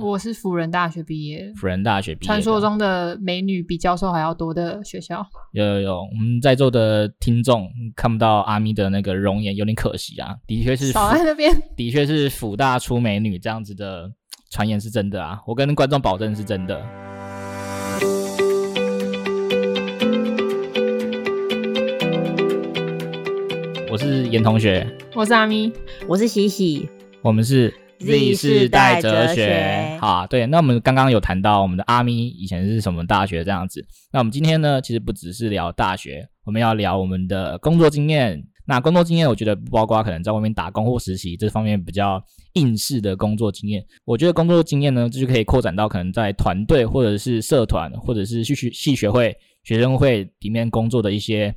我是輔仁大學畢業，輔仁大學畢業，傳說中的美女比教授還要多的學校，有有有，我們在座的聽眾看不到阿咪的那個容顏，有點可惜啊。的確是，少在那邊，的確是輔大出美女這樣子的傳言是真的啊。我跟觀眾保證是真的。嗯。我是嚴同學，我是阿咪，我是喜喜，我們是。Z 世代哲學，哲學好、啊，對。那我們剛剛有談到我們的阿咪以前是什麼大學這樣子。那我們今天呢，其實不只是聊大學，我們要聊我們的工作經驗。那工作經驗，我覺得不包括可能在外面打工或實習這方面比較應試的工作經驗。我覺得工作經驗呢，就就可以擴展到可能在團隊或者是社團或者是系學系學會、學生會裡面工作的一些，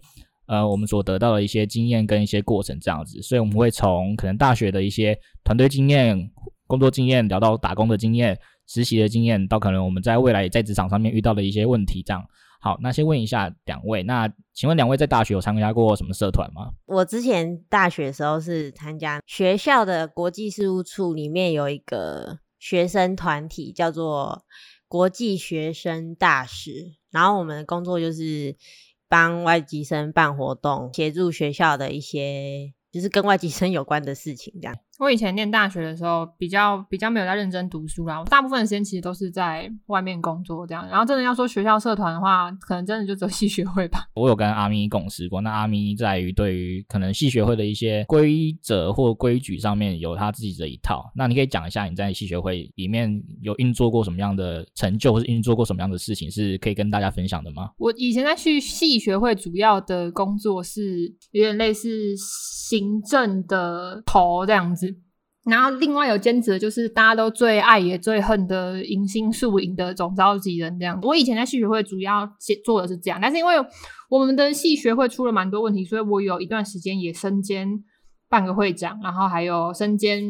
呃，我們所得到的一些經驗跟一些過程這樣子，所以我們會從可能大學的一些團隊經驗、工作經驗，聊到打工的經驗、實習的經驗，到可能我們在未來在職場上面遇到的一些問題這樣。好，那先問一下兩位，那請問兩位在大學有參加過什麼社團嗎？我之前大學的時候是參加學校的國際事務處裡面有一個學生團體，叫做國際學生大使，然後我們的工作就是。幫外籍生辦活動，協助學校的一些，就是跟外籍生有關的事情，這樣。我以前念大學的時候，比較比較沒有在認真讀書啦，然後大部分的時間其實都是在外面工作這樣。然後，真的要說學校社團的話，可能真的就只有系學會吧。我有跟阿咪共事過，那阿咪在於對於可能系學會的一些規則或規矩上面，有他自己的一套。那你可以講一下你在系學會裡面有運作過什麼樣的成就，或是運作過什麼樣的事情，是可以跟大家分享的嗎？我以前在去系學會主要的工作是有點類似行政的頭這樣子。然後另外有兼職的就是大家都最愛也最恨的迎新宿營的總召集人這樣。我以前在系學會主要做的是這樣，但是因為我們的系學會出了蠻多問題，所以我有一段時間也身兼半個會長，然後還有身兼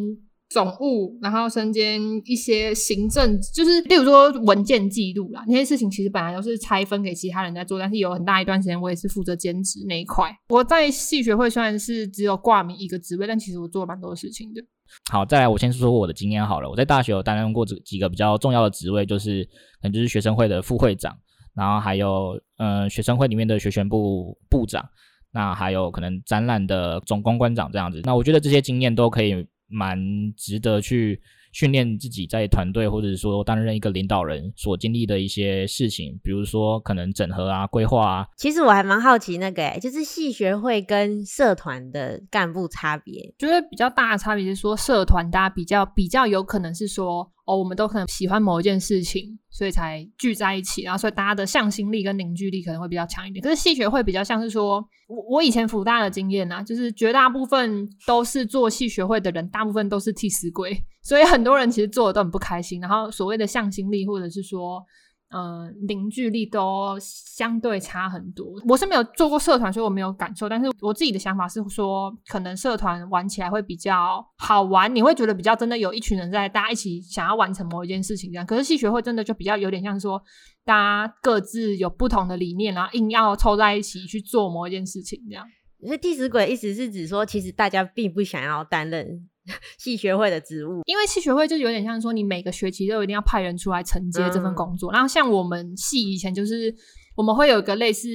總務，然後身兼一些行政，就是例如說文件記錄啦那些事情，其實本來都是拆分給其他人在做，但是有很大一段時間我也是負責兼職那一塊。我在系學會雖然是只有掛名一個職位，但其實我做了蠻多的事情的。好，再來我先說說我的經驗好了。我在大學有擔任過這幾個比較重要的職位，就是可能就是學生會的副會長，然後還有嗯學生會裡面的學選部部長，那還有可能展覽的總公關長這樣子。那我覺得這些經驗都可以蠻值得去。訓練自己在團隊，或者說擔任一個領導人所經歷的一些事情，比如說可能整合啊、規劃啊。其實我還蠻好奇那個、欸，就是系學會跟社團的幹部差別。覺得比較大的差別是說，社團大家比較比較有可能是說。哦，我們都可能喜歡某一件事情，所以才聚在一起，然後所以大家的向心力跟凝聚力可能會比較強一點。可是系學會比較像是說，我我以前輔大的經驗呢、啊，就是絕大部分都是做系學會的人，大部分都是替死鬼，所以很多人其實做的都很不開心。然後所謂的向心力，或者是說。呃，凝聚力都相對差很多。我是沒有做過社團，所以我沒有感受。但是我自己的想法是說，可能社團玩起來會比較好玩，你會覺得比較真的有一群人在大家一起想要完成某一件事情這樣。可是系學會真的就比較有點像說，大家各自有不同的理念，然後硬要湊在一起去做某一件事情這樣。所以替死鬼的意思是指說，其實大家並不想要擔任。系 學會的職務，因為系學會就有點像說，你每個學期都一定要派人出來承接這份工作。嗯、然後像我們系以前就是，我們會有一個類似。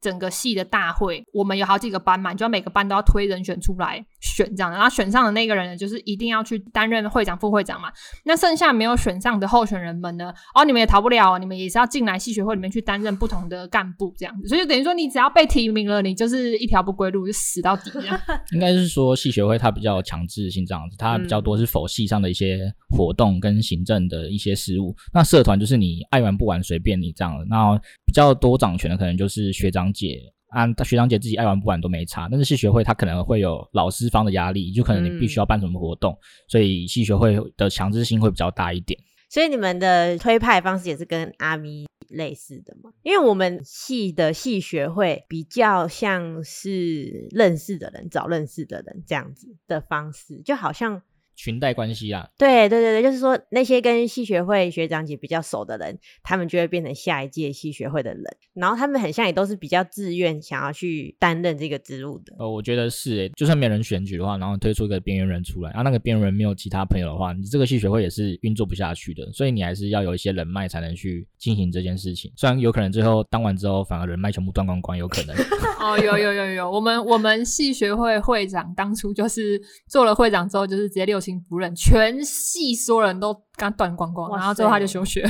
整個系的大會，我們有好幾個班嘛，就要每個班都要推人選出來選這樣的，然後選上的那個人呢，就是一定要去擔任會長、副會長嘛。那剩下沒有選上的候選人們呢？哦，你們也逃不了，你們也是要進來系學會裡面去擔任不同的幹部這樣子。所以等於說，你只要被提名了，你就是一條不歸路，就死到底了、啊。 應該是說系學會它比較強制性這樣子，它比較多是 for 系上的一些活動跟行政的一些事務。那社團就是你愛玩不玩隨便你這樣的。那、哦、比較多掌權的可能就是學長。姐，按、啊、學長姐自己愛玩不玩都沒差，但是系學會他可能會有老師方的壓力，就可能你必須要辦什麼活動，嗯、所以系學會的強制性會比較大一點。所以你們的推派方式也是跟阿咪類似的嗎？因為我們系的系學會比較像是認識的人找認識的人這樣子的方式，就好像。裙帶關係啊，對對對對，就是說那些跟系學會學長姐比較熟的人，他們就會變成下一屆系學會的人，然後他們很像也都是比較自願想要去擔任這個職務的。哦，我覺得是、欸，就算沒人選舉的話，然後推出一個邊緣人出來，然後、啊、那個邊緣人沒有其他朋友的話，你這個系學會也是運作不下去的，所以你還是要有一些人脈才能去進行這件事情。雖然有可能最後當完之後，反而人脈全部斷光光，有可能。 哦，有有有有， 我們我們系學會會長當初就是做了會長之後，就是直接六十。不全系所有人都跟他斷光光，哇塞，然後最後他就休學，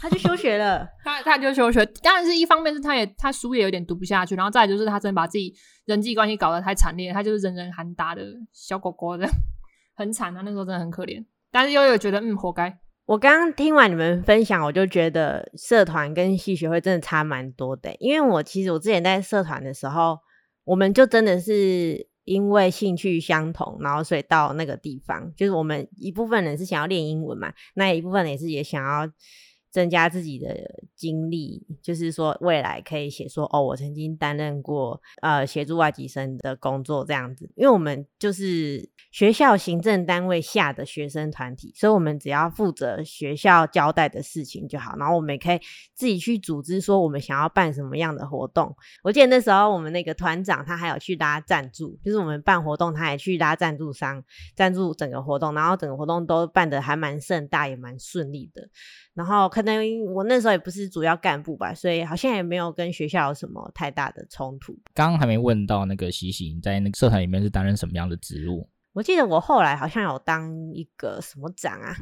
他就休學了，他他就休學。當然是一方面是他也他書也有點讀不下去，然後再來就是他真的把自己人際關係搞得太慘烈，他就是人人喊打的小狗狗的，很慘，他那時候真的很可憐，但是又有覺得嗯，活該。我剛剛聽完你們分享，我就覺得社團跟系學會真的差蠻多的欸，因為我其實我之前在社團的時候，我們就真的是。因為興趣相同，然後所以到那個地方，就是我們一部分人是想要練英文嘛，那一部分人也是也想要。增加自己的經歷，就是說未來可以寫說哦，我曾經擔任過呃協助外籍生的工作這樣子。因為我們就是學校行政單位下的學生團體，所以我們只要負責學校交代的事情就好。然後我們也可以自己去組織說我們想要辦什麼樣的活動。我記得那時候我們那個團長他還有去拉贊助，就是我們辦活動他也去拉贊助商贊助整個活動，然後整個活動都辦得還蠻盛大也蠻順利的。然後看。那因我那時候也不是主要幹部吧，所以好像也沒有跟學校有什麼太大的衝突。剛剛還沒問到那個西西在那個社團裡面是擔任什麼樣的職務？我記得我後來好像有當一個什麼長啊，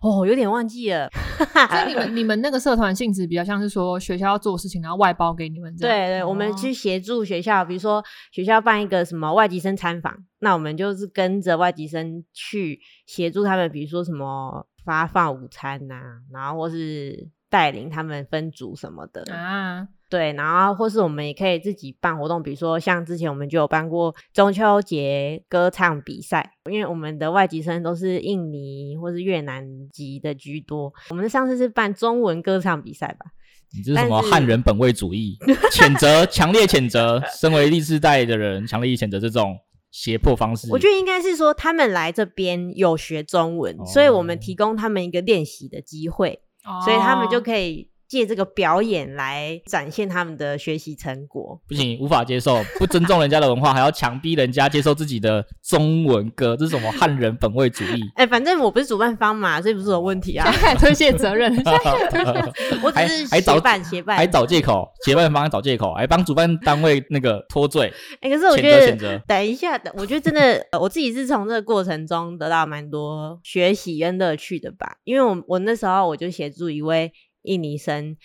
哦，有點忘記了。 所以你們你們那個社團性質比較像是說學校要做事情，然後外包給你們這樣。對對，我們去協助學校，比如說學校辦一個什麼外籍生參訪，那我們就是跟着外籍生去協助他們，比如說什麼。發放午餐吶、啊，然後或是帶領他們分組什麼的啊，對，然後或是我們也可以自己辦活動，比如說像之前我們就有辦過中秋節歌唱比賽，因為我們的外籍生都是印尼或是越南籍的居多，我們上次是辦中文歌唱比賽吧？你這是什麼漢人本位主義？譴責，強烈譴責！ 身為歷史代的人，強烈譴責這種。脅迫方式，我覺得應該是說，他們來這邊有學中文，oh. 所以我們提供他們一個練習的機會，oh. 所以他們就可以。借這個表演來展現他們的學習成果，不行，無法接受，不尊重人家的文化， 還要強逼人家接受自己的中文歌，這是什麼漢人本位主義？哎、欸，反正我不是主辦方嘛，所以不是有問題啊，啊推卸責任， 我只是協辦協辦，還找借口，協辦方還找借口，還幫主辦單位那個脫罪。哎、欸，可是我覺得，潛責潛責等一下，我覺得真的，我自己是從這個過程中得到蠻多學習跟樂趣的吧，因為我我那時候我就協助一位。印尼生，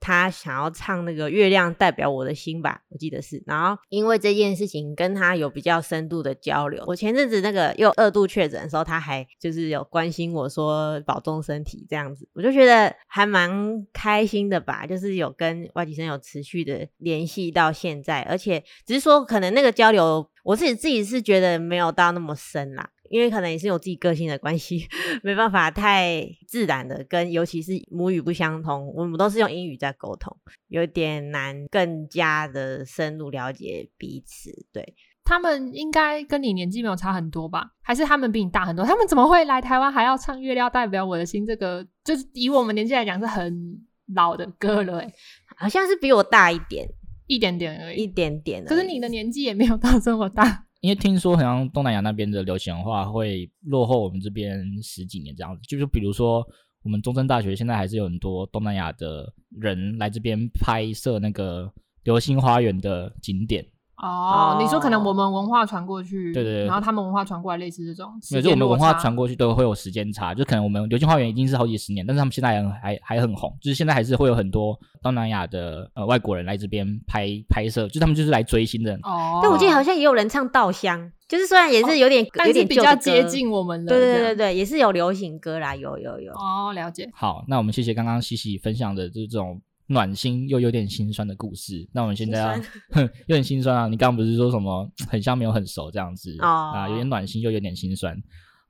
他想要唱那個月亮代表我的心吧，我記得是。然後因為這件事情跟他有比較深度的交流，我前陣子那個又二度確診的時候，他還就是有關心我說保重身體這樣子，我就覺得還蠻開心的吧，就是有跟外籍生有持續的聯繫到現在，而且只是說可能那個交流，我自己自己是覺得沒有到那麼深啦。因為可能也是有自己個性的關係，沒辦法，太自然的跟，尤其是母語不相通，我們都是用英語在溝通，有點難，更加的深入了解彼此。對，他們應該跟你年紀沒有差很多吧？還是他們比你大很多？他們怎麼會來台灣還要唱《月亮代表我的心》這個？就是以我們年紀來講是很老的歌了，欸，好像是比我大一點，一點點而已，一點點而已。可是你的年紀也沒有到這麼大。因為聽說，好像東南亞那邊的流行文化會落後我們這邊十幾年這樣子，就是比如說，我們中山大學現在還是有很多東南亞的人來這邊拍攝那個流星花園的景點。哦，oh, oh, 你說可能我們文化傳過去，對對對，然後他們文化傳過來，類似這種，對對對。沒有，就我們文化傳過去都會有時間差，就可能我們《流星花園》已經是好幾十年，但是他們現在還還，還很紅，就是現在還是會有很多東南亞的呃外國人來這邊拍拍攝，就他們就是來追星的人。哦，oh，但我記得好像也有人唱《稻香》，就是雖然也是有點、oh, 有點但是比較接近我們的，對對對對，也是有流行歌啦，有有有。哦，oh, 了解。好，那我們謝謝剛剛西西分享的這種。暖心又有點心酸的故事，那我們現在要，哼，有點心酸啊！你剛剛不是說什麼很像沒有很熟這樣子，哦，啊，有點暖心又有點心酸。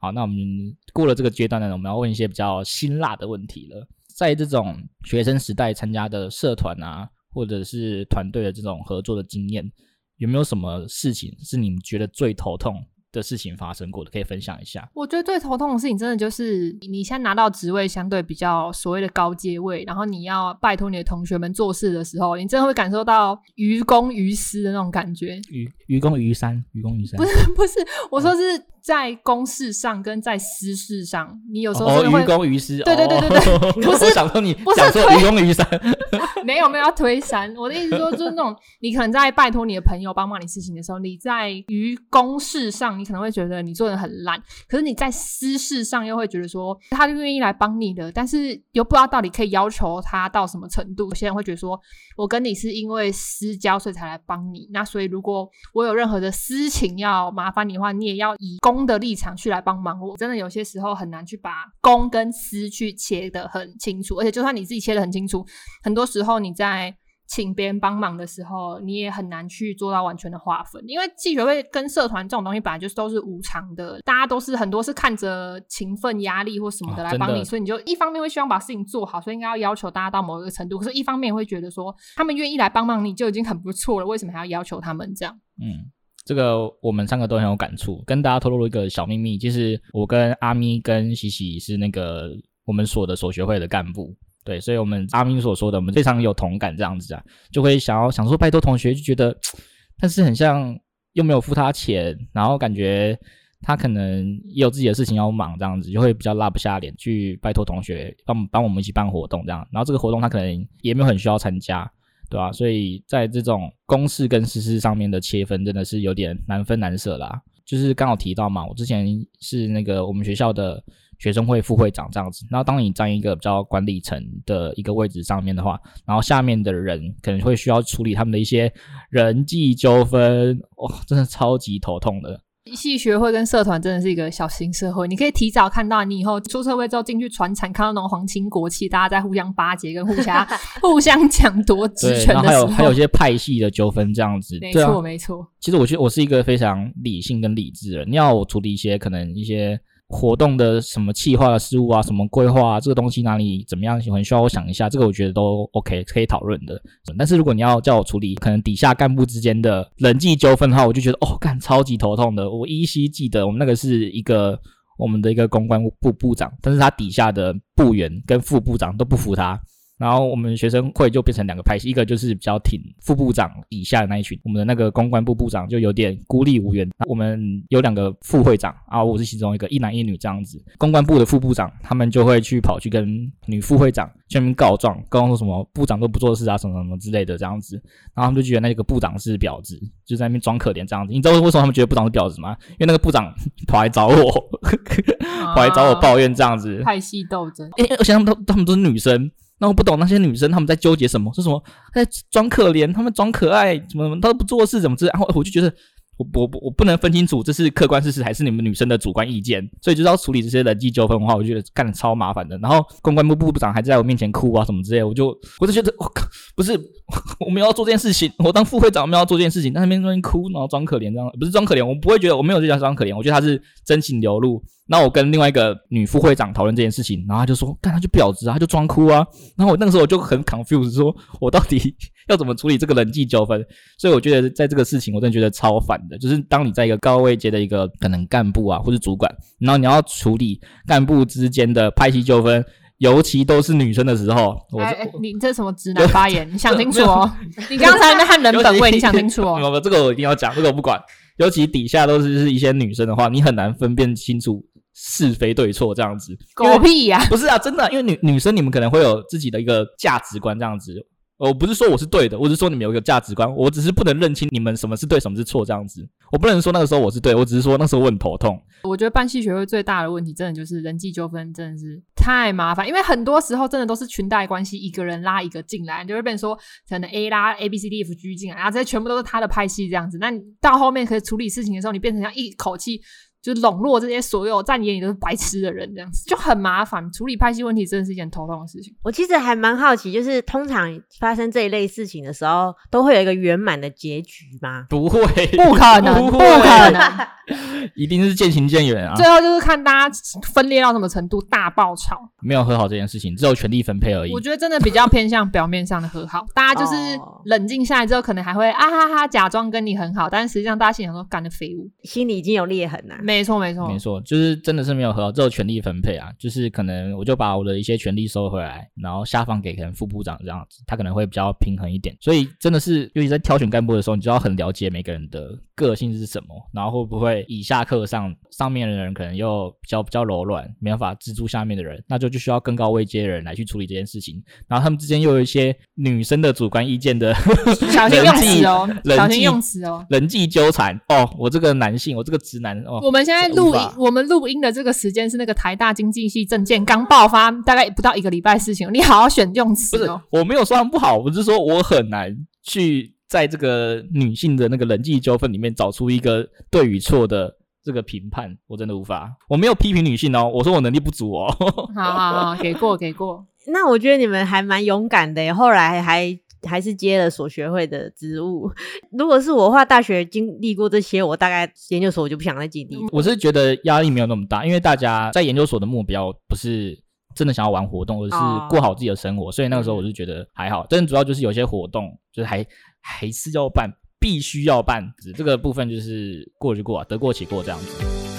好，那我們過了這個階段呢，我們要問一些比較辛辣的問題了。在這種學生時代參加的社團啊，或者是團隊的這種合作的經驗，有沒有什麼事情是你們覺得最頭痛？的事情發生過的，可以分享一下。我覺得最頭痛的事情，真的就是你現在拿到職位相對比較所謂的高階位，然後你要拜託你的同學們做事的時候，你真的會感受到愚公愚私的那種感覺。愚愚公移山，愚公移山，不是不是，我說是。嗯在公事上跟在私事上，你有時候會於公於私，哦、於公於私對對對對對，哦、不是我想說你說愚公移山，不想說愚公移山。沒有沒有要推山， 我的意思說就是那種，你可能在拜託你的朋友幫忙你事情的時候，你在於公事上，你可能會覺得你做的很爛，可是你在私事上又會覺得說，他就願意來幫你的，但是又不知道到底可以要求他到什麼程度。現在會覺得說我跟你是因為私交所以才來幫你，那所以如果我有任何的私情要麻煩你的話，你也要以公。公的立場去來幫忙，我真的有些時候很難去把公跟私去切得很清楚。而且，就算你自己切得很清楚，很多時候你在請別人幫忙的時候，你也很難去做到完全的劃分。因為系學會跟社團這種東西本來就是都是無償的，大家都是很多是看着情分、壓力或什麼的來幫你，啊、所以你就一方面會希望把事情做好，所以應該要要求大家到某一個程度；可是一方面會覺得說，他們願意來幫忙你就已經很不錯了，為什麼還要要求他們這樣？嗯。這個我們三個都很有感觸，跟大家透露一個小祕密，就是我跟阿咪跟喜喜是那個我們所的所學會的幹部，對，所以我們阿咪所說的，我們非常有同感，這樣子啊，就會想要想說拜托同學，就覺得，但是很像又沒有付他錢，然後感覺他可能也有自己的事情要忙，這樣子就會比較拉不下臉去拜托同學幫幫我們一起辦活動這樣，然後這個活動他可能也沒有很需要參加。對啊，所以在這種公事跟私事上面的切分，真的是有點難分難捨啦。就是剛好提到嘛，我之前是那個我們學校的學生會副會長這樣子。那當你站一個比較管理層的一個位置上面的話，然後下面的人可能會需要處理他們的一些人際糾紛，哇、哦，真的超級頭痛的。系學會跟社團真的是一個小型社會，你可以提早看到你以後出社會之後進去傳產，看到那種皇親國戚大家在互相巴結跟互相 互相搶奪職權的時候，還有 還有一些派系的糾紛這樣子，沒錯沒錯。其實我覺得我是一個非常理性跟理智的人，你要我處理一些可能一些。活動的什麼企劃的事物啊，什麼規劃啊，這個東西哪裡怎麼樣，喜歡需要我想一下。這個我覺得都 OK，可以討論的。但是如果你要叫我處理可能底下幹部之間的人際糾紛的話，我就覺得哦幹超級頭痛的。我依稀記得我們那個是一個我們的一個公關部部，部長，但是他底下的部員跟副部長都不服他。然後我們學生會就變成兩個派系，一個就是比較挺副部長以下的那一群，我們的那個公關部部長就有點孤立無援。我們有兩個副會長啊，我是其中一個，一男一女這樣子。公關部的副部長他們就會去跑去跟女副會長去那邊告狀，告狀說什麼部長都不做事啊，什麼什麼之類的這樣子。然後他們就覺得那個部長是婊子，就在那邊裝可憐這樣子。你知道為什麼他們覺得部長是婊子嗎？因為那個部長跑來找我、啊呵，跑來找我抱怨這樣子。派系鬥爭。誒，而且他們都，他們都是女生。那我不懂那些女生他們在糾結什麼，是什麼在裝可憐，她們裝可愛，怎麼怎麼，她都不做事怎麼，然後我就覺得我我不，我不能分清楚這是客觀事實還是你們女生的主觀意見，所以就是要處理這些人際糾紛的話，我覺得幹的超麻煩的。然後公關部部長還在我面前哭啊什麼之類，我就我就覺得我靠，哦，不是我們要做這件事情，我當副會長我們要做這件事情，那那邊那邊哭，然後裝可憐這樣，不是裝可憐，我不會覺得我沒有這叫裝可憐，我覺得他是真情流露。那我跟另外一個女副會長討論這件事情，然後他就說，但他就婊子啊，她就裝哭啊。然後我那個時候我就很 confused，說我到底要怎麼處理這個人際糾紛？所以我覺得在這個事情，我真的覺得超煩的。就是當你在一個高位階的一個可能幹部啊，或是主管，然後你要處理幹部之間的派系糾紛，尤其都是女生的時候，我、哎哎，你這是什麼直男發言？我就你想清楚哦，有你剛才在那漢人本位， 其你想清楚哦沒有。這個我一定要講，這個我不管。尤其底下都是是一些女生的話，你很難分辨清楚。是非對錯這樣子，狗屁呀、啊！不是啊，真的、啊，因為女女生你們可能會有自己的一個價值觀這樣子。我不是說我是對的，我是說你們有一個價值觀，我只是不能認清你們什麼是對，什麼是錯這樣子。我不能說那個時候我是對，我只是說那時候我很頭痛。我覺得辦系學會最大的問題，真的就是人際糾紛，真的是太麻煩。因為很多時候真的都是裙帶關係，一個人拉一個進來，就會變成說，可能 A 拉 A B C D F G 進來，然後這些全部都是他的派系這樣子。那你到後面可以處理事情的時候，你變成像一口氣。就是籠絡這些所有在你眼裡都是白痴的人，這樣子就很麻煩。處理派系問題，真的是一件頭痛的事情。我其實還蠻好奇，就是通常發生這一類事情的時候，都會有一個圓滿的結局嗎？不會，不可能，不，不，會不可能，一定是漸行漸遠啊。最後就是看大家分裂到什麼程度，大爆炒，沒有和好這件事情，只有權力分配而已。我覺得真的比較偏向表面上的和好， 大家就是冷靜下來之後，可能還會啊哈哈假裝跟你很好，但是實際上大家心裡都幹的廢物，心裡已經有裂痕了、啊。沒。沒錯沒錯沒錯，就是真的是沒有和這種權力分配啊，就是可能我就把我的一些權力收回來，然後下放給可能副部長這樣子，他可能會比較平衡一點。所以真的是，尤其在挑選幹部的時候，你就要很了解每個人的個性是什麼，然後會不會以下克上，上面的人可能又比較比較柔軟，沒辦法資助下面的人，那就就需要更高位階的人來去處理這件事情。然後他們之間又有一些女生的主觀意見的，小心用詞哦， 際小心用詞哦，人際糾纏哦，我這個男性，我這個直男哦，我們。現在錄音，我們錄音的這個時間是那個台大經濟系政見剛爆發，大概不到一個禮拜事情。你好好選用詞，哦，不是，我沒有說他們不好，我是說我很難去在這個女性的那個人際糾紛裡面找出一個對與錯的這個評判，我真的無法。我沒有批評女性哦，我說我能力不足哦。 好好好，給過給過。那我覺得你們還蠻勇敢的耶，後來還。還是接了系學會的職務。如果是我的話，大學經歷過這些，我大概研究所我就不想再經歷。我是覺得壓力沒有那麼大，因為大家在研究所的目標不是真的想要玩活動，而是過好自己的生活。Oh. 所以那個時候我就覺得還好。但主要就是有些活動就是還還是要辦，必須要辦。這個部分就是過就過，啊，得過且過這樣子。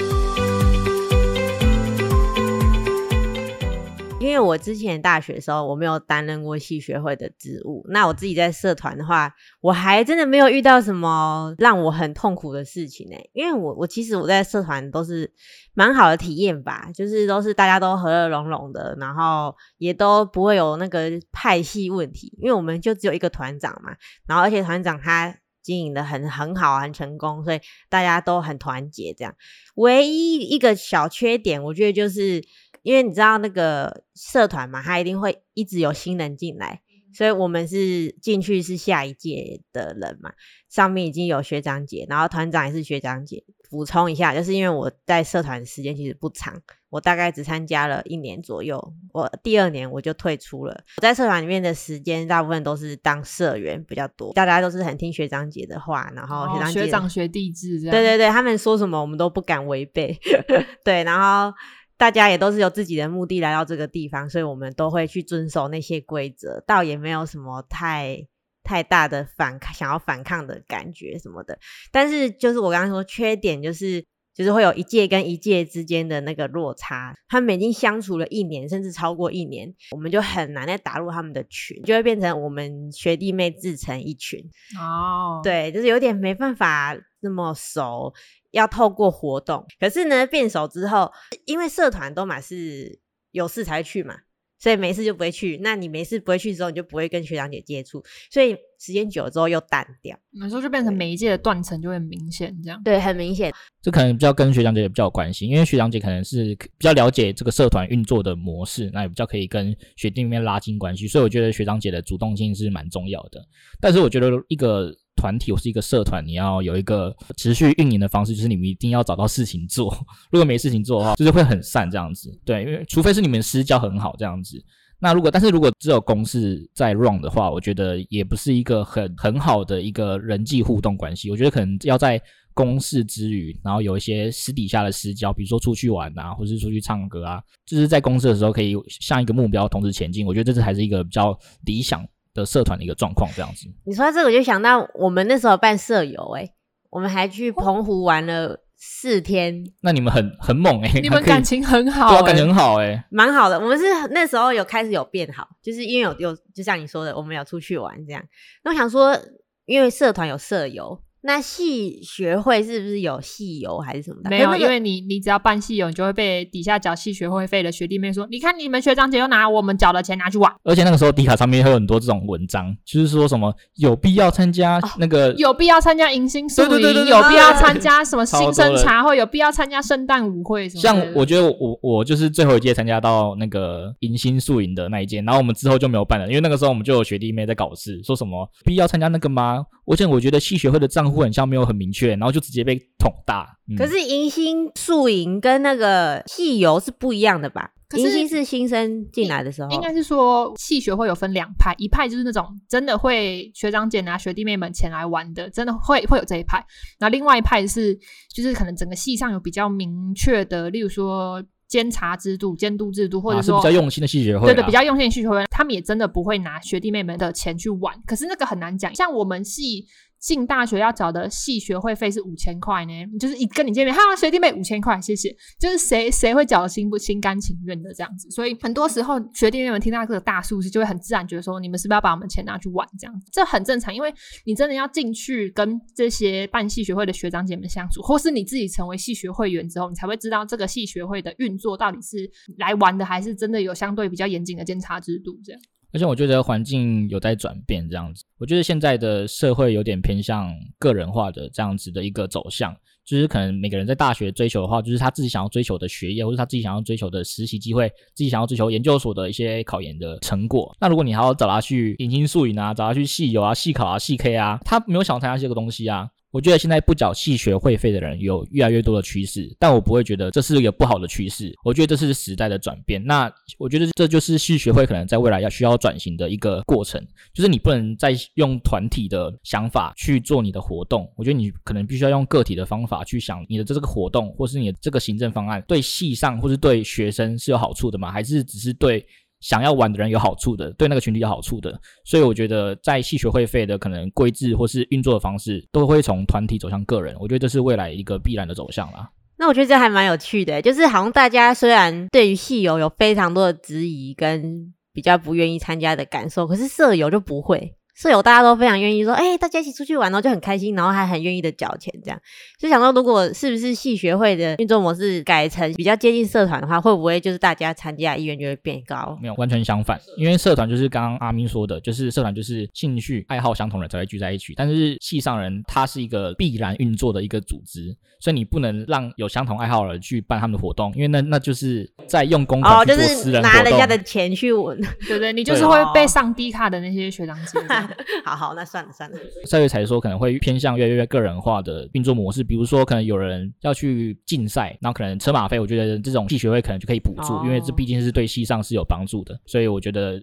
因為我之前大學的時候，我沒有擔任過系學會的職務。那我自己在社團的話，我還真的沒有遇到什麼讓我很痛苦的事情呢、欸。因為我我其實我在社團都是蠻好的體驗吧，就是都是大家都和樂融融的，然後也都不會有那個派系問題。因為我們就只有一個團長嘛，然後而且團長他經營得很很好很成功，所以大家都很團結這樣。唯一一個小缺點，我覺得就是。因為你知道那個社團嘛，它一定會一直有新人進來，所以我們是進去是下一屆的人嘛。上面已經有學長姐，然後團長也是學長姐。補充一下，就是因為我在社團的時間其實不長，我大概只參加了一年左右。我第二年我就退出了。我在社團裡面的時間大部分都是當社員比較多，大家都是很聽學長姐的話，然後學長、哦、學弟制這樣，對對對，他們說什麼我們都不敢違背。 對，然後。大家也都是有自己的目的來到這個地方，所以我們都會去遵守那些規則，倒也沒有什麼太太大的反抗，想要反抗的感覺什麼的。但是就是我剛剛說缺點，就是就是會有一屆跟一屆之間的那個落差。他們已經相處了一年，甚至超過一年，我們就很難再打入他們的群，就會變成我們學弟妹自成一群哦。Oh. 對，就是有點沒辦法那麼熟。要透過活動，可是呢，變熟之後，因為社團都嘛是有事才去嘛，所以沒事就不會去。那你沒事不會去之後你就不會跟學長姐接觸，所以時間久了之後又淡掉。有時候就變成每一屆的斷層就會很明顯，這樣。對，對，很明顯。這可能比較跟學長姐也比較有關係，因為學長姐可能是比較了解這個社團運作的模式，那也比較可以跟學弟妹拉近關係。所以我覺得學長姐的主動性是蠻重要的，但是我覺得一個。團體，我是一個社團，你要有一個持續運營的方式，就是你們一定要找到事情做。如果沒事情做的話，就是會很散這樣子。對，因為除非是你們私交很好這樣子。那如果，但是如果只有公事在 run 的話，我覺得也不是一個很很好的一個人際互動關係。我覺得可能要在公事之餘，然後有一些私底下的私交，比如說出去玩啊，或是出去唱歌啊，就是在公事的時候可以向一個目標同時前進。我覺得這是還是一個比較理想的社團的一個狀況，這樣子。你說到這個，我就想到我們那時候辦社遊，哎，我們還去澎湖哇玩了四天。那你們很很猛哎、欸，你們感情很好、欸對啊，感情很好哎、欸，蠻好的。我們是那時候有開始有變好，就是因為有有，就像你說的，我們要出去玩這樣。那我想說，因為社團有社遊。那系學會是不是有系遊還是什麼？沒有，因為你你只要辦系遊，你就會被底下繳系學會費的學弟妹說：“你看你們學長姐又拿我們繳的錢拿去玩。”而且那個時候迪卡上面還有很多這種文章，就是說什麼有必要參加那個，有必要參加迎新宿營，有必要參加什麼新生茶會，有必要參加聖誕舞會什麼。像我覺得我我就是最後一屆參加到那個迎新宿營的那一屆，然後我們之後就沒有辦了，因為那個時候我們就有學弟妹在搞事，說什麼必要參加那個嗎？而且我覺得系學會的賬戶很像沒有很明確，然後就直接被捅大。嗯、可是迎新宿營跟那個系遊是不一樣的吧？迎新是，是新生進來的時候，應該是說系學會有分兩派，一派就是那種真的會學長姐拿學弟妹們前來玩的，真的會會有這一派。那另外一派、就是就是可能整個系上有比較明確的，例如說。監察制度、監督制度，或者說、啊、是比較用心的系學會，對對，比較用心的系學會，他們也真的不會拿學弟妹們的錢去玩。可是那個很難講，像我們系。進大學要繳的系學會費是五千塊呢，就是一跟你見面，哈、哈學弟妹五千塊，謝謝。就是誰誰會繳的心不心甘情願的這樣子，所以很多時候學弟妹們聽到這個大數字，就會很自然覺得說，你們是不是要把我們錢拿去玩這樣子？這很正常，因為你真的要進去跟這些辦系學會的學長姐們相處，或是你自己成為系學會員之後，你才會知道這個系學會的運作到底是來玩的，還是真的有相對比較嚴謹的監察制度這樣。而且我覺得環境有在轉變，這樣子。我覺得現在的社會有點偏向個人化的這樣子的一個走向，就是可能每個人在大學追求的話，就是他自己想要追求的學業，或者他自己想要追求的實習機會，自己想要追求研究所的一些考研的成果。那如果你還要找他去迎新宿營啊，找他去系遊啊、系烤啊、系 K 啊，他沒有想參加這個東西啊。我覺得現在不繳系學會費的人有越來越多的趨勢，但我不會覺得這是一個不好的趨勢。我覺得這是時代的轉變。那我覺得這就是系學會可能在未來要需要轉型的一個過程，就是你不能再用團體的想法去做你的活動。我覺得你可能必須要用個體的方法去想你的這個活動，或是你的這個行政方案對系上或是對學生是有好處的嗎？還是只是對？想要玩的人有好處的，對那個群體有好處的，所以我覺得在系學會費的可能規制或是運作的方式，都會從團體走向個人。我覺得這是未來一個必然的走向啦。那我覺得這還蠻有趣的，就是好像大家雖然對於系遊有非常多的質疑跟比較不願意參加的感受，可是社遊就不會。室友大家都非常願意說，哎、欸，大家一起出去玩哦，就很開心，然後還很願意的繳錢，這樣就想說，如果是不是系學會的運作模式改成比較接近社團的話，會不會就是大家參加意願就會變高？沒有，完全相反，因為社團就是剛剛阿明說的，就是社團就是興趣愛好相同的才會聚在一起，但是系上人他是一個必然運作的一個組織，所以你不能讓有相同愛好的人去辦他們的活動，因為那那就是在用公款做私人活動，哦、就是拿人家的錢去玩，對不對？對？你就是會被上 D 卡的那些學長。 好好，那算了算了。賽會才說可能會偏向越來越個人化的運作模式，比如說可能有人要去競賽，那可能車馬費，我覺得這種系學會可能就可以補助，哦、因為這畢竟是對系上是有幫助的。所以我覺得，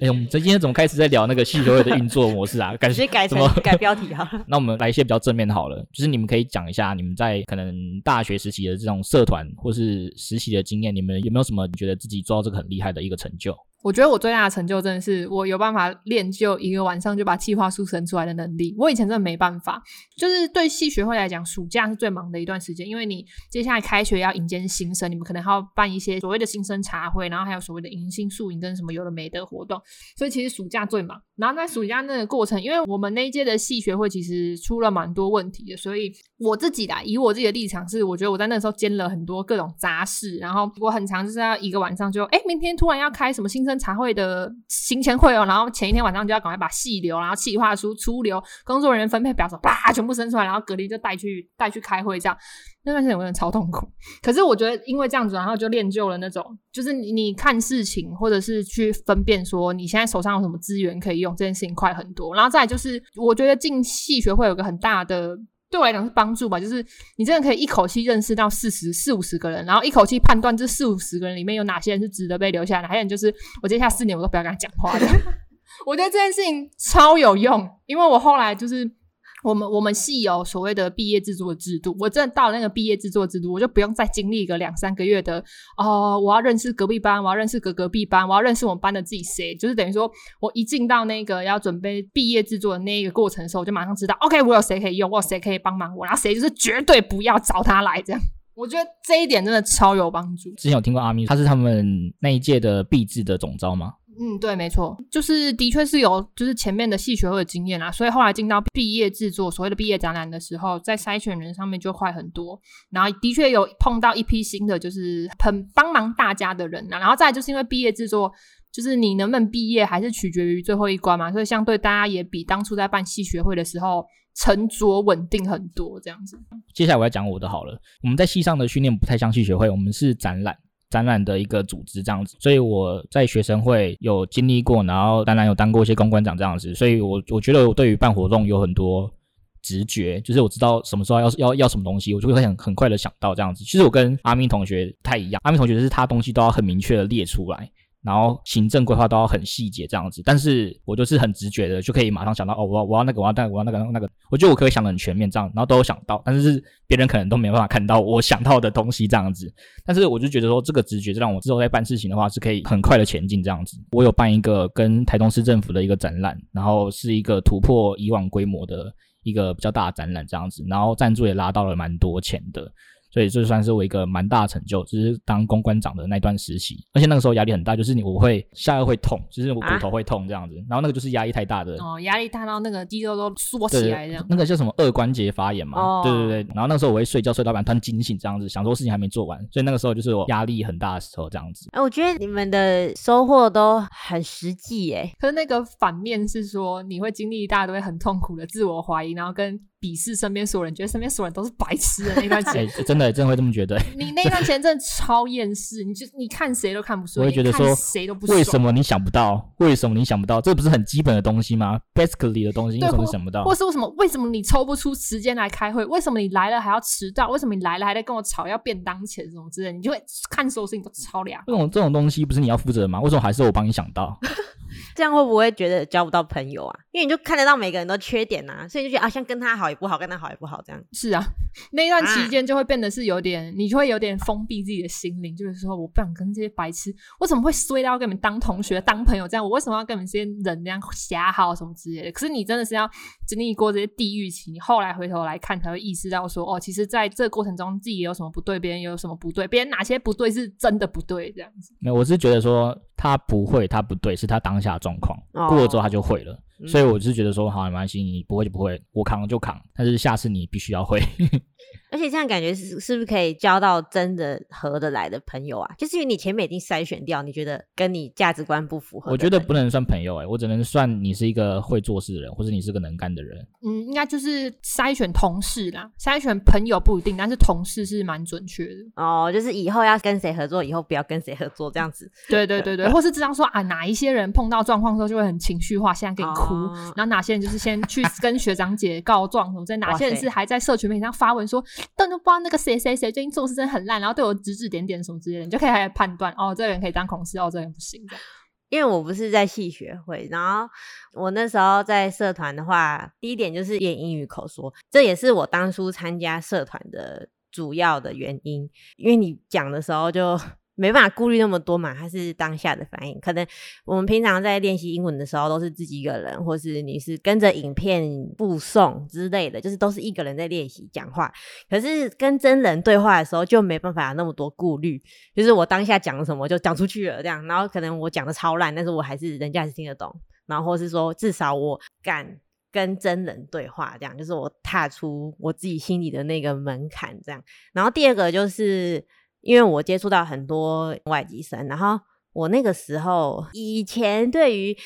哎、嗯，我們今天怎麼開始在聊那個系學會的運作模式啊？ 該改什麼？改標題啊？ 那我們來一些比較正面好了，就是你們可以講一下你們在可能大學時期的這種社團或是實習的經驗，你們有沒有什麼你覺得自己做到這個很厲害的一個成就？我覺得我最大的成就真的是我有辦法練就一個晚上就把計劃書整出來的能力。我以前真的沒辦法，就是對系學會來講，暑假是最忙的一段時間，因為你接下來開學要迎接新生，你們可能還要辦一些所謂的新生茶會，然後還有所謂的迎新宿營跟什麼有的沒的活動，所以其實暑假最忙。然後在暑假那個過程，因為我們那一屆的系學會其實出了蠻多問題的，所以。我自己的，以我自己的立場是，我覺得我在那時候兼了很多各種雜事，然後我很常就是要一個晚上就，誒、欸，明天突然要開什麼新生茶會的行前會哦，然後前一天晚上就要趕快把細流，然後企劃書出、粗流、工作人員分配表什麼，叭，全部生出來，然後隔離就帶去帶去開會，這樣那段時間我覺得超痛苦。可是我覺得因為這樣子，然後就練就了那種，就是你看事情，或者是去分辨說你現在手上有什麼資源可以用，這件事情快很多。然後再來就是，我覺得進系學會有個很大的。對我來講是幫助吧，就是你真的可以一口氣認識到四十四五十個人，然後一口氣判斷這四五十個人裡面有哪些人是值得被留下來的，哪些人就是，我接下來四年我都不要跟他講話的。 我覺得這件事情超有用，因為我後來就是。我們我們系有所謂的畢業制作制度，我真的到了那個畢業制作制度，我就不用再經歷一個兩三個月的哦，我要認識隔壁班，我要認識隔隔壁班，我要認識我們班的自己誰，就是等於說，我一進到那個要準備畢業制作的那一個過程的時候，我就馬上知道，OK，我有誰可以用，我有誰可以幫忙我，然後誰就是絕對不要找他來這樣，我覺得這一點真的超有幫助。之前有聽過阿咪，他是他們那一屆的畢制的總召嗎？嗯，對，沒錯，就是的確是有，就是前面的系學會的經驗啦。所以後來進到畢業制作，所謂的畢業展覽的時候，在篩選人上面就快很多，然後的確有碰到一批新的，就是很幫忙大家的人啦，然後再來就是因為畢業制作，就是你能不能畢業還是取決於最後一關嘛，所以相對大家也比當初在辦系學會的時候沉着穩定很多，這樣子。接下來我要講我的好了，我們在系上的訓練不太像系學會，我們是展覽。展覽的一個組織這樣子，所以我在學生會有經歷過，然後當然有當過一些公關長這樣子，所以我我覺得我對於辦活動有很多直覺，就是我知道什麼時候要要要什麼東西，我就會想很，很快的想到這樣子。其實我跟阿明同學不太一樣，阿明同學就是他東西都要很明確的列出來。然後行政規劃都要很細節這樣子，但是我就是很直覺的就可以馬上想到哦，我要我要那個我要那個我要那個我要、那個、那個，我覺得我可以想得很全面這樣，然後都有想到，但是別人可能都沒有辦法看到我想到的東西這樣子。但是我就覺得說，這個直覺就讓我之後在辦事情的話是可以很快的前進這樣子。我有辦一個跟台東市政府的一個展覽，然後是一個突破以往規模的一個比較大的展覽這樣子，然後贊助也拉到了蠻多錢的。所以這算是我一個蠻大的成就，就是當公關長的那段時期，而且那個時候壓力很大，就是你我會下顎會痛，就是我骨頭會痛這樣子，啊、然後那個就是壓力太大的，哦，壓力大到那個肌肉都縮起來這樣子，那個叫什麼二關節發炎嘛，哦、對對對，然後那個時候我會睡覺睡到晚上突然驚醒這樣子，想說事情還沒做完，所以那個時候就是我壓力很大的時候這樣子。哎、啊，我覺得你們的收穫都很實際誒，可是那個反面是說你會經歷一大堆都會很痛苦的自我懷疑，然後跟。鄙視身邊所有人，覺得身邊所有人都是白痴。那一段時間真的、欸、真的會這麼覺得、欸。你那一段時間真的超厭世，你就你看誰都看不出來，我會覺得說誰都不、啊、為什麼你想不到？為什麼你想不到？這不是很基本的東西嗎？basically 的東西，你怎對麼是想不到或？或是為什麼？為什麼你抽不出時間來開會？為什麼你來了還要遲到？為什麼你來了還在跟我吵要便當錢這種之類？你就會看所有事情都超涼。這種這種東西不是你要負責嗎？為什麼還是我幫你想到？ 這樣會不會覺得交不到朋友啊？因為你就看得到每個人都缺點啊。所以你就覺得啊，像跟他好也不好，跟他好也不好，這樣是啊。那段期間就會變得是有點，啊、你就會有點封閉自己的心靈，就是說我不想跟這些白痴，我怎麼會衰到跟你們當同學、當朋友這樣？我為什麼要跟你們這些人這樣瞎好什麼之類的？可是你真的是要經歷過這些地獄期，你後來回頭來看才會意識到說，哦，其實在這個過程中自己有什麼不對，別人有什麼不對，別人哪些不對是真的不對，這樣子。沒有，我是覺得說。他不會，他不對，是他當下狀況、oh. 過了之後他就會了，所以我是覺得說，好，沒關係，你不會就不會，我扛就扛，但是下次你必須要會。 而且這樣感覺是是不是可以交到真的合得來的朋友啊？就是因為你前面已經篩選掉，你覺得跟你價值觀不符合，我覺得不能算朋友，欸、我只能算你是一個會做事的人，或是你是個能幹的人。嗯，應該就是篩選同事啦，篩選朋友不一定，但是同事是蠻準確的。哦，就是以後要跟誰合作，以後不要跟誰合作這樣子。 對對對對，對或是這樣說啊，哪一些人碰到狀況的時候就會很情緒化，現在可以哭，哦，然後哪些人就是先去跟學長姐告狀，什麼，在哪些人是還在社群面上發文說，說，但都不知道那個誰誰誰最近做事真的很爛，然後對我指指點點什麼之類的，你就可以來判斷哦，這個人可以當同事，哦，這個人不行的。因為我不是在系學會，然後我那時候在社團的話，第一點就是練英語口說，這也是我當初參加社團的主要的原因，因為你講的時候就。沒辦法顧慮那麼多嘛，它是當下的反應。可能我們平常在練習英文的時候，都是自己一個人，或是你是跟着影片復誦之類的，就是都是一個人在練習講話。可是跟真人對話的時候，就沒辦法那麼多顧慮，就是我當下講什麼就講出去了這樣。然後可能我講的超爛，但是我還是人家是聽得懂。然後或是說，至少我敢跟真人對話，這樣就是我踏出我自己心裡的那個門檻這樣。然後第二個就是。因為我接觸到很多外籍生，然後我那個時候以前對於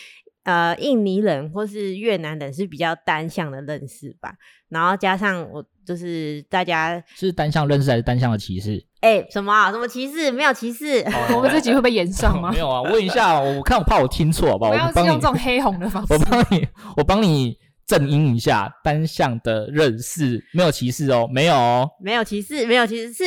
呃印尼人或是越南人是比較單向的認識吧，然後加上我就是大家是單向認識還是單向的歧視？哎、欸，什麼、啊、什麼歧視？沒有歧視，哦、 我們這集會被嚴審嗎？沒有啊，問一下，我看我怕我聽錯，好不好？不要用這種黑紅的方式，我幫你，我幫你。正因一下，單向的認識沒有歧視哦，沒有哦，沒有歧視，沒有歧視是，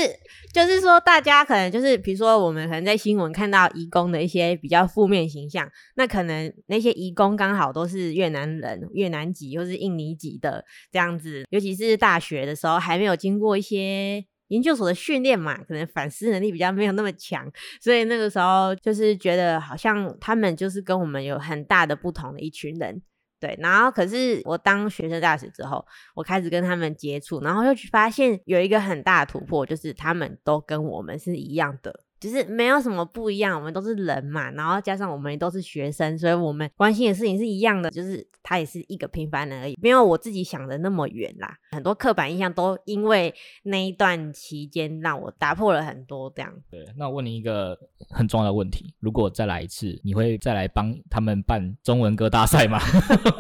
就是說大家可能就是，比如說我們可能在新聞看到移工的一些比較負面形象，那可能那些移工剛好都是越南人、越南籍或是印尼籍的這樣子，尤其是大學的時候還沒有經過一些研究所的訓練嘛，可能反思能力比較沒有那麼強，所以那個時候就是覺得好像他們就是跟我們有很大的不同的一群人。對，然後可是我當學生大使之後，我開始跟他們接觸，然後又去發現有一個很大的突破，就是他們都跟我們是一樣的。就是沒有什麼不一樣，我們都是人嘛，然後加上我們也都是學生，所以我們關心的事情是一樣的。就是他也是一個平凡人而已，沒有我自己想的那麼遠啦。很多刻板印象都因為那一段期間讓我打破了很多。這樣。對，那我問你一個很重要的問題：如果再來一次，你會再來幫他們辦中文歌大賽嗎？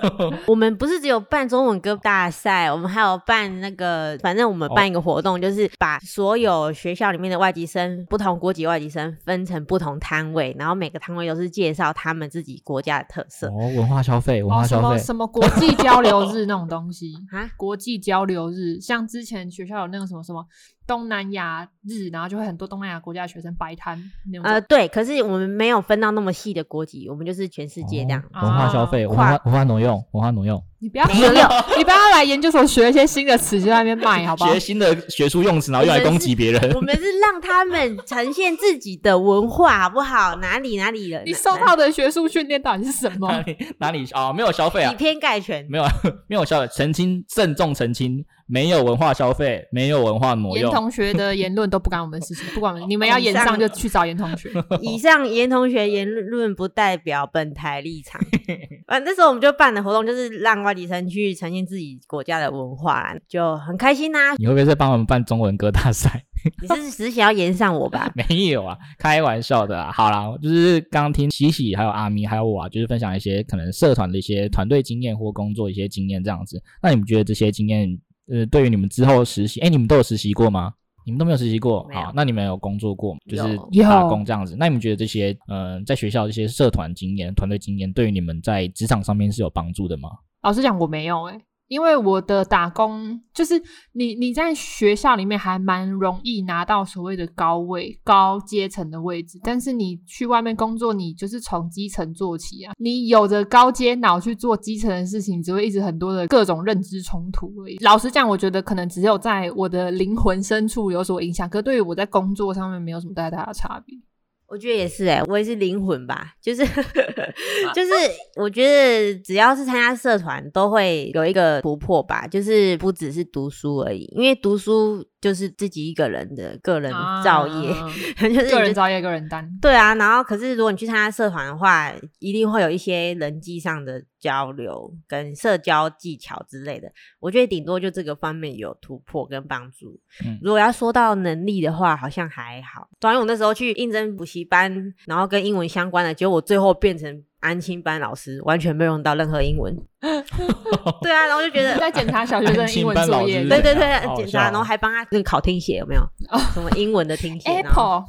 我們不是只有辦中文歌大賽，我們還有辦那個，反正我們辦一個活動，哦、就是把所有學校裡面的外籍生，不同國籍。外籍生分成不同攤位，然後每個攤位都是介紹他們自己國家的特色哦，文化消費，文化消費、哦，什麼，什麼國際交流日那種東西 啊？國際交流日，像之前學校有那個什麼什麼。東南亞日，然後就會很多東南亞國家的學生擺攤。種種呃，對，可是我們沒有分到那麼細的國籍，我們就是全世界這樣。文化、哦、消費，文化文化挪用，文化挪用。你不要學了， 你不要來研究所學一些新的詞就在那邊賣，好不好？學新的學術用詞，然後又來攻擊別人我。我們是讓他們呈現自己的文化，好不好？哪裡哪裡人？你受到的學術訓練到底是什麼？哪裡，哪裡、哦、啊，啊？沒有消費。啊以偏概全。沒有，沒有消費，澄清，鄭重澄清。沒有文化消費，沒有文化挪用。嚴同學的言論都不關我們事情， 不管你、哦、你們要演上就去找嚴同學。上了 以上嚴同學言論不代表本台立場。反正那時候我們就辦的活動就是讓外地生去呈現自己國家的文化，就很開心吶、啊。你會不會再幫我們辦中文歌大賽？ 你是不是想要演上我吧？ 沒有啊，開玩笑的、啊。好啦，就是剛聽喜喜、還有阿咪、還有我、啊，就是分享一些可能社團的一些團隊經驗或工作一些經驗這樣子。那你們覺得這些經驗？呃，對於你們之後實習，哎，你們都有實習過嗎？你們都沒有實習過，有好，那你們有工作過，有就是打工這樣子。有那你們覺得這些，嗯、呃，在學校這些社團經驗、團隊經驗，對於你們在職場上面是有幫助的嗎？老實講，我沒有、欸，哎。因為我的打工，就是你你在學校裡面還蠻容易拿到所謂的高位、高階層的位置，但是你去外面工作，你就是從基層做起啊。你有着高階腦去做基層的事情，只會一直很多的各種認知衝突而已。老實講，我覺得可能只有在我的靈魂深處有所影響，可對於我在工作上面沒有什麼太大的差別。我覺得也是誒、欸、我也是靈魂吧，就是 就是，我覺得只要是參加社團，都會有一個突破吧，就是不只是讀書而已，因為讀書就是自己一個人的個人造業、啊， 就是個人造業，個人擔。對啊，然後可是如果你去參加社團的話，一定會有一些人際上的。交流跟社交技巧之類的，我覺得頂多就這個方面有突破跟幫助。嗯、如果要說到能力的話，好像還好。專用那時候去應徵補習班，然後跟英文相關的，結果我最後變成安親班老師，完全沒有用到任何英文。 對啊，然後就覺得在檢查小學生英文作業，對對對，檢查、啊，然後還幫他那考聽寫有沒有什麼英文的聽寫？Apple，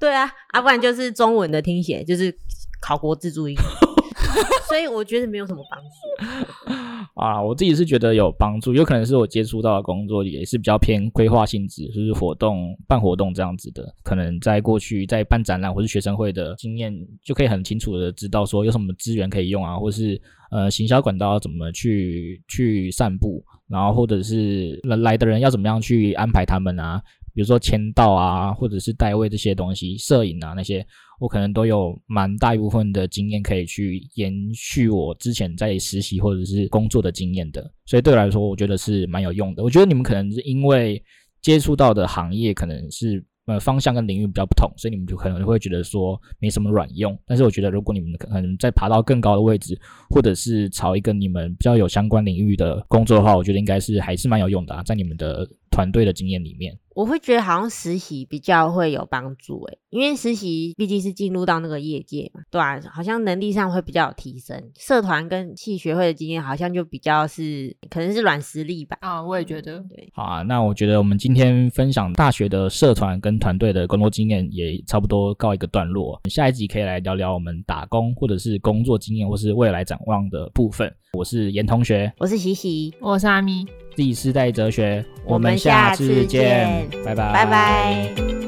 對啊啊，不然就是中文的聽寫，就是考國字注音。 所以我覺得沒有什麼幫助 啊！我自己是覺得有幫助，有可能是我接觸到的工作也是比較偏規劃性質，就是活動辦活動這樣子的。可能在過去在辦展覽或是學生會的經驗，就可以很清楚的知道說有什麼資源可以用啊，或是呃行銷管道要怎麼去去散布，然後或者是來的人要怎麼樣去安排他們啊。比如說簽到啊，或者是代位這些東西，攝影啊那些，我可能都有蠻大一部分的經驗可以去延續我之前在實習或者是工作的經驗的，所以對我來說，我覺得是蠻有用的。我覺得你們可能是因為接觸到的行業可能是。呃，方向跟領域比較不同，所以你們就可能會覺得說沒什麼卵用。但是我覺得，如果你們可能再爬到更高的位置，或者是找一個你們比較有相關領域的工作的話，我覺得應該是還是蠻有用的啊。在你們的團隊的經驗裡面，我會覺得好像實習比較會有幫助誒，因為實習畢竟是進入到那個業界嘛，對啊，好像能力上會比較有提升。社團跟系學會的經驗好像就比較是可能是軟實力吧。啊，我也覺得，對。好啊，那我覺得我們今天分享大學的社團跟團隊的工作經驗也差不多告一個段落，下一集可以來聊聊我們打工或者是工作經驗，或是未來展望的部分。我是嚴同學，我是喜喜，我是阿咪，第四代哲學，我們下次見，我們下次見，拜拜，拜拜。